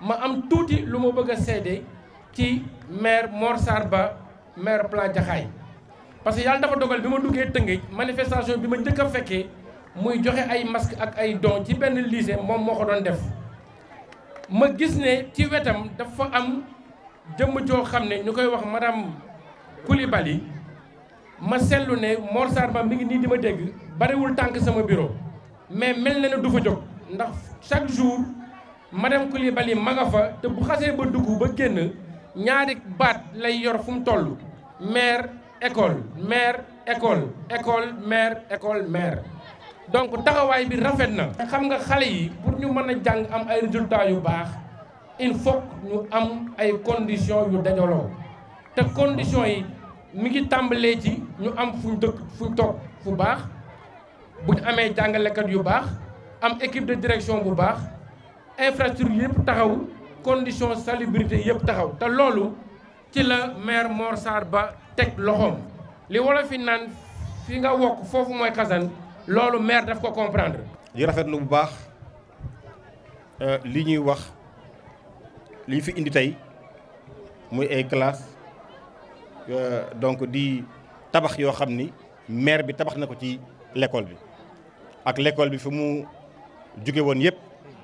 ma am tuuti lu ma bëgg a seede ci maire Mor Sarr Ba maire Plan Jaxaay parce que yàlla dafa dogal bi ma duggee Tëngéej manifestation bi ma njëkk a fekkee muy joxe ay masque ak ay don ci benn lycée moom moo ko doon def ma gis ne ci wetam dafa am jëmm joo xam ne ñu koy wax madame Coulibaly ma seetlu ne Mor Sarr Ba mi ngi nii di ma dégg bariwul tànk sama biro mais mel na ne du fa jóg ndax chaque jour madame Coulibaly ma nga fa te bu xasee ba dugg ba génn ñaari baat lay yor fu mu toll maire école maire école école maire école maire donc taxawaay bi rafet na xam nga xale yi pour ñu mën a jàng am ay résultats yu baax il faut ñu am ay conditions yu dajaloo te conditions yi mu ngi tàmbalee ci ñu am fuñ dëkk fuñ toog fu baax bu ñu amee jàngalekat yu baax am équipe de direction bu baax infrastructure yëpp taxaw conditions salubrité yëpp taxaw te lolu ci la maire Mor Sarr Ba teg loxoom li wala fi naan fi nga wok fofu moy kasan lolu maire daf ko comprendre li rafetlu bu baax euh, li ñuy wax li fi indi tay muy ay classe euh, donc di tabax yo xamni maire bi tabax na ci l'école bi ak l'école bi fi mu jóge woon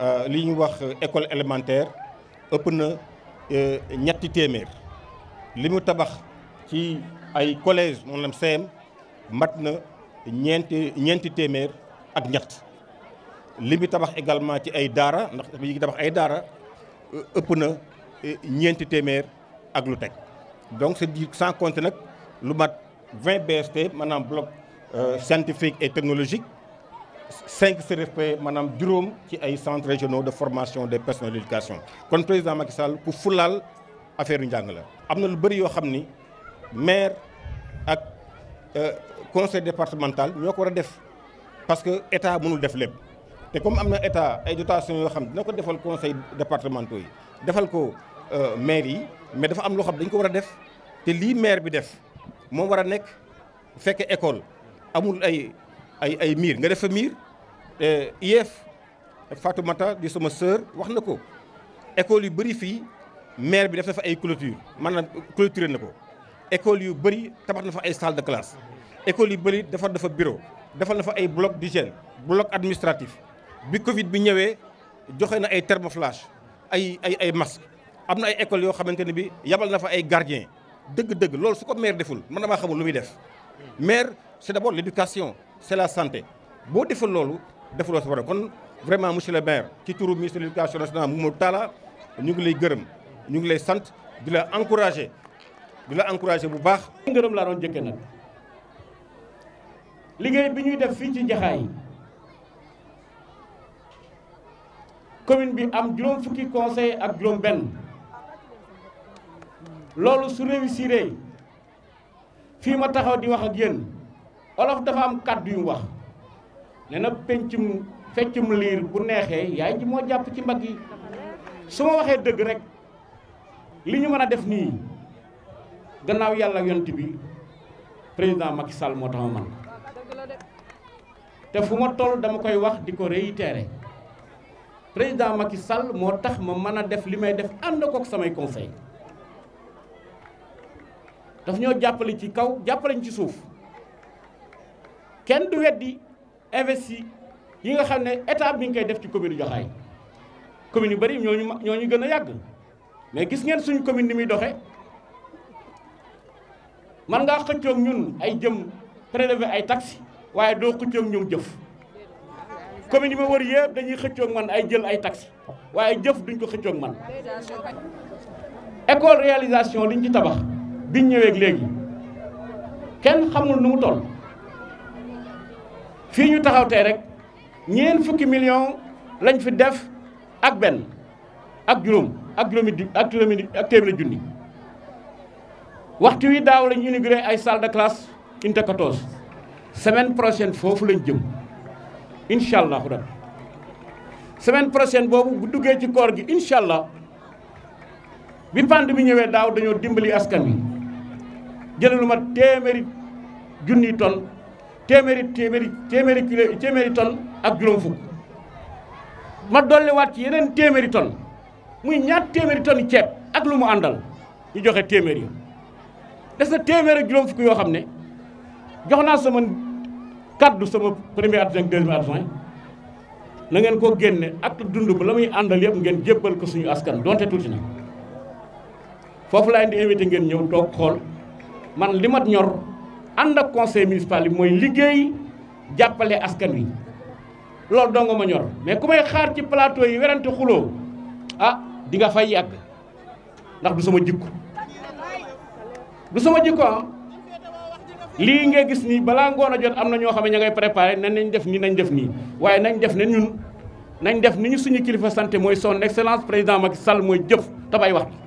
Euh, li wax euh, école élémentaire ëpp na euh, ñetti téeméer li mu tabax ci ay collège maanaam CM mat na ñeenti ñeenti téeméer ak ñett li tabax également ci ay daara ndax yi ngi tabax ay daara ëpp na ñeenti téeméer ak lu teg donc c'est dire sans compter nag lu mat 20 BST maanaam bloc scientifique et technologique 5 CRFP Durum, qui ci ay centres régionaux de formation des personnels d'éducation l'éducation kon président Macky Sall pour foulal affaire yu njàng la. am na lu bëri maire ak euh, conseil départemental ñoo ko war def parce que état mënul def lépp Et comme am état ay dotations yoo xam dina ko conseil départementaux yi defal ko euh, maire yi mais dafa am loo xam dañ ko war Et def que le maire bi def moom war a fekk école amul ay ay ay mir nga def fa miir eh, IEF Fatoumata di sama sœur wax na ko école yu bari fi maire bi def na fa ay clôture man clôturé na école yu bari tabax na fa ay salle de classe école yu bëri defar dafa bureau defal na fa ay bloc d'hygiène bloc administratif bi Covid bi ñëwé joxe na ay thermoflash ay ay ay masque amna ay école yo xamanteni bi yabal na fa ay gardien deug deug lool su ko maire deful man dama xamul lu muy def maire c'est d'abord l'éducation c'est la santé Si defal vraiment monsieur le maire est le ministre de l'éducation nationale ñu les lay gërëm ñu Nous lay di la encourager di la encourager bu baax. gërëm de doon bi am fukki conseil ak juróom ce les su réussiree ma taxaw olof dafa am kaddu yu wax ne na pencum feccum lir bu nexé yaay ji mo japp ci mbag yi suma waxé deug rek liñu mëna def ni gannaaw ak yont bi président Macky Sall mo tax man te fuma toll dama koy wax di réitérer président Macky Sall mo tax ma mëna def limay def def ko ak samay conseil daf ñoo jàppale ci kaw jàppaleñ ci suuf kenn du weddi investi yi nga xam ne état bi koy def ci commune Joxaay commune yu bëri ñoo ñooñu gën a yàgg mais gis ngeen suñu commune ni muy doxee man ngaa xëccoog ñun ay jëm prélever ay taxes waaye doo xëccoog ñoom jëf commune yi ma war yëpp dañuy xëccoog man ay jël ay taxes waaye jëf duñ ko xëccoog man école réalisation liñ ci tabax biñ ñëweek léegi kenn xamul nu mu toll fii ñu taxaw tey rek ñeen fukki million lañ fi def ak benn ak juróom ak juróomi ak juróomi ak téeméeri junni waxtu wi daaw lañ inauguré ay salle de classe unité 14 semaine prochaine foofu lañ jëm incha allahu rabbi semaine prochaine boobu bu duggee ci koor gi incha allah bi pandémie bi ñëwee daaw dañoo dimbali askan wi jël lu mat téeméeri junni tonnes. téeméeri téeméeri téeméeri kilo téeméeri ton ak juroom fuk ma wat ci yenen téeméeri ton muy ñaar téeméeri tonne ceeb ak lu mu andal ñu joxe téeméer yi des na téeméer juroom fuk yo yoo joxna ne sama kaddu sama premier adjoint deuxième adjoint na ngeen ko génne ak dund bu lamuy andal yeb ngeen jébbal ko suñu askan donte tuti na fofu la indi invité ngeen ñew tok xol man limat ñor. ànd ak conseil municipal bi mooy liggéey jàppale askan wi loolu dong ma ñor mais ku may xaar ci plateau yi werante xuloo ah di nga fay yàgg ndax du sama jikko du sama jikko ah. lii nga gis nii balaa ngoon a jot am na ñoo xam ne ña ngay préparé nan nañ def nii nañ def nii waaye nañ def ne ñun nañ def ni ñu suñu kilifa santé mooy son excellence président Macky Sall mooy jëf tabay wax